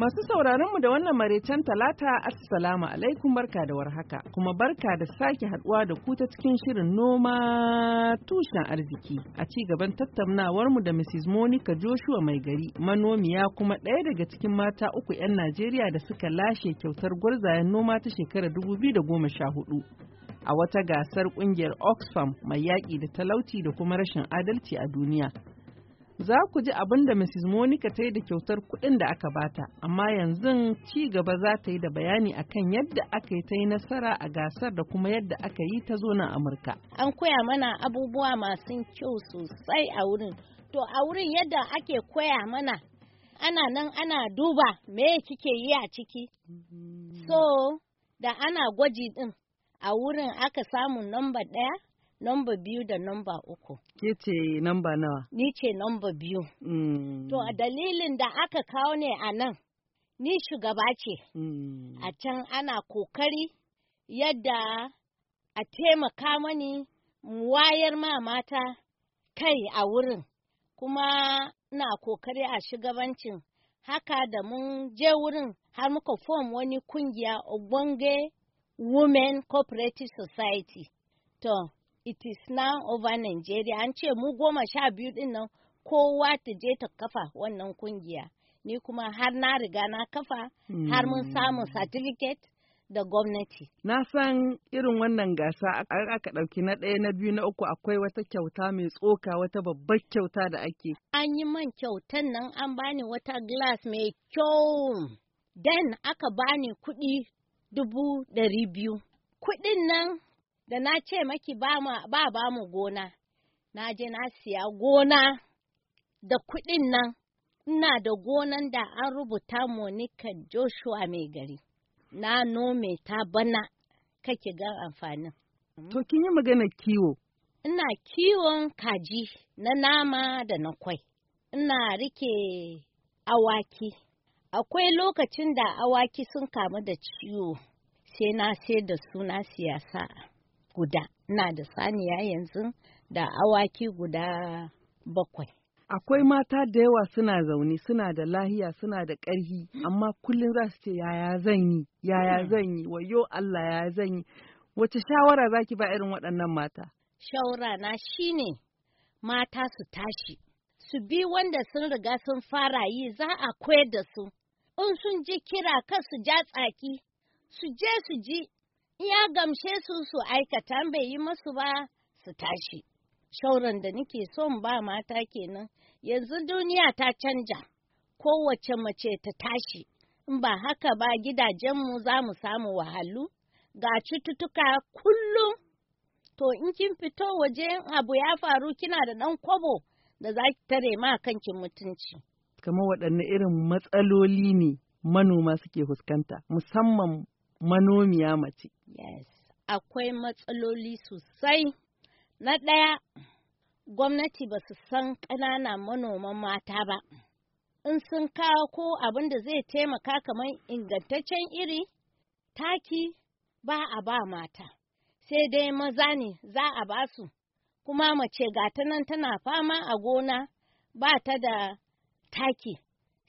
Masu sauraronmu da wannan maraicen talata assalamu alaikum barka da warhaka kuma barka da sake haduwa da ku ta cikin shirin noma tushen arziki a ci gaban tattaunawarmu da Mrs. Monica Joshua mai gari manomiya kuma ɗaya daga cikin mata uku 'yan Najeriya da suka lashe kyautar gwarzayen noma ta shekarar hudu, a wata gasar kungiyar Oxfam mai yaƙi da talauci da kuma rashin adalci a duniya. Za ku ji abin da Mrs. Monica ta yi da kyautar kuɗin da aka bata, amma yanzu ci gaba za ta yi da bayani akan yadda aka yi ta yi nasara a gasar da kuma yadda aka yi ta zo na Amurka. An koya mana abubuwa masu kyau sosai a wurin. To a wurin yadda ake koya mana ana nan ana duba me kike yi a ciki. So da ana gwaji din a wurin aka samu namba ɗaya, Nomba biyu da nomba uku. Ke ce nomba nawa? Ni ce nomba biyu. Mm. To a dalilin da aka kawo ne a nan, ni shugaba ce. Mm. A can ana kokari yadda a taimaka mani wayar ma mata kai a wurin. Kuma na kokari a shugabancin haka da mun je wurin har muka form wani kungiya Ogbonge Women Cooperative Society. To, it is now over Nigeria an ce mu goma sha biyu din nan kowa ta je ta kafa wannan kungiya ni kuma har na riga na kafa har mun hmm. samu certificate da gwamnati. Na san irin wannan gasa aka ɗauki na ɗaya na biyu na uku akwai wata kyauta mai tsoka wata babbar kyauta da ake. An yi man kyautan nan an bani wata glass mai kyau. den aka bani kuɗi dubu ɗari biyu. Kuɗin nan da na ce maki ba ba mu gona na je na siya gona da kuɗin nan ina da gonan da an rubuta Monika Joshua mai gari na nome ta bana kake ga amfanin mm. to kin yi magana kiwo ina kiwon kaji na nama da na kwai ina rike awaki akwai lokacin da awaki sun kamu da ciwo sai na sai da suna siyasa guda na da saniya yanzu da awaki guda bakwai akwai mata da yawa suna zaune suna da lahiya suna da ƙarfi, amma kullum za su ce yaya zan yi yaya hmm. zan yi wayo Allah yaya zan yi wace shawara zaki ba irin waɗannan mata shawara na shine mata su tashi su bi wanda sun riga sun fara yi za a koyar da su in sun ji kira kan su ja tsaki su je su ji ya gamshe su su aikata bai yi masu ba su tashi. Shauran da nike son ba mata kenan, yanzu duniya ta canja, kowace mace ta tashi, in ba haka ba gidajenmu za mu samu wahalu, ga cututtuka kullum. To in kin fito waje abu ya faru kina da ɗan kwabo da za ki tare ma kankin mutunci. Kamar waɗanne irin matsaloli ne manoma suke fuskanta, musamman manomiya mace. Yes, akwai matsaloli sosai. Na ɗaya, gwamnati ba su san ƙanana manoman mata ba. In sun kawo ko abin da zai taimaka kamar ingantaccen iri, taki ba a ba mata, sai dai maza ne za a ba su, kuma mace gata nan tana fama a gona ba ta da taki,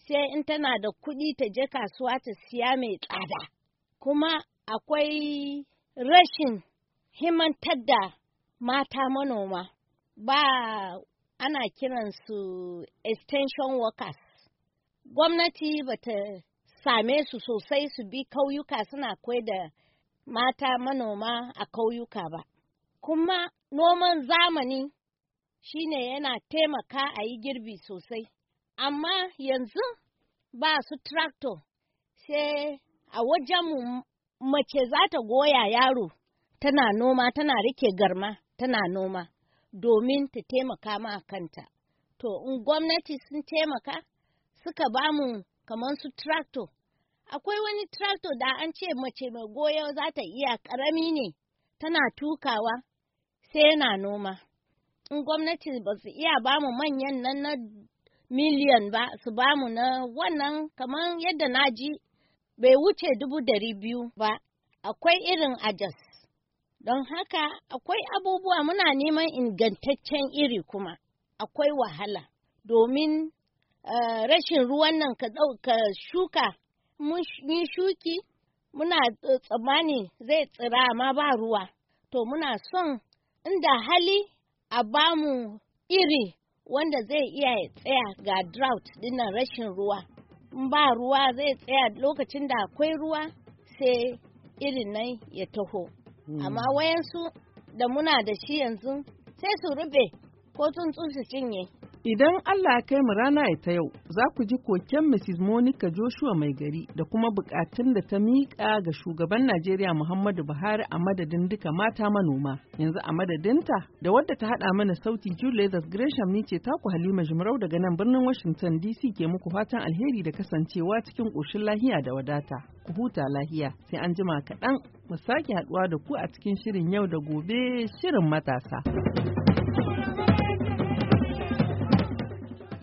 sai in tana da kuɗi ta je kasuwa ta siya mai tsada. Kuma akwai rashin himantar da mata manoma ba ana kiransu extension workers gwamnati bata same su sosai su bi kauyuka suna kwai da mata manoma a kauyuka ba kuma noman zamani shine yana taimaka a yi girbi sosai amma yanzu ba su tractor sai a wajenmu mace za ta goya yaro tana noma tana rike garma tana noma domin ta taimaka ma kanta. To, in gwamnati sun taimaka suka ba mu kamar su tractor. Akwai wani tractor da an ce mace mai goya za ta iya Karami ne tana tukawa sai yana noma. In gwamnati ba su iya ba mu manyan nan na miliyan ba su ba mu na wannan kamar yadda na ji bai wuce dubu dari biyu ba, akwai irin ajas. Don haka akwai abubuwa muna neman ingantaccen iri kuma, akwai wahala, domin uh, rashin ruwan nan ka shuka, mun shuki, muna eh, tsammani zai tsira amma ba ruwa. To muna son inda hali a bamu iri wanda zai iya tsaya ga drought dinnan rashin ruwa. in ba ruwa zai tsaya lokacin da akwai ruwa sai irin nan ya taho hmm. amma wayansu da muna da shi yanzu sai su rube ko tsuntsu su cinye Idan Allah ya kai mu rana ya ta yau, za ku ji koken Mrs. Monica Joshua mai gari da kuma bukatun da ta miƙa ga shugaban Najeriya Muhammadu Buhari a madadin duka mata manoma. Yanzu a madadinta da wadda ta haɗa mana sauti Julius Gresham ni ce taku Halima Jimarau daga nan birnin Washington DC ke muku fatan alheri da kasancewa cikin ƙoshin lahiya da wadata. Ku huta lahiya sai an jima kaɗan mu sake haɗuwa da ku a cikin shirin yau da gobe shirin matasa.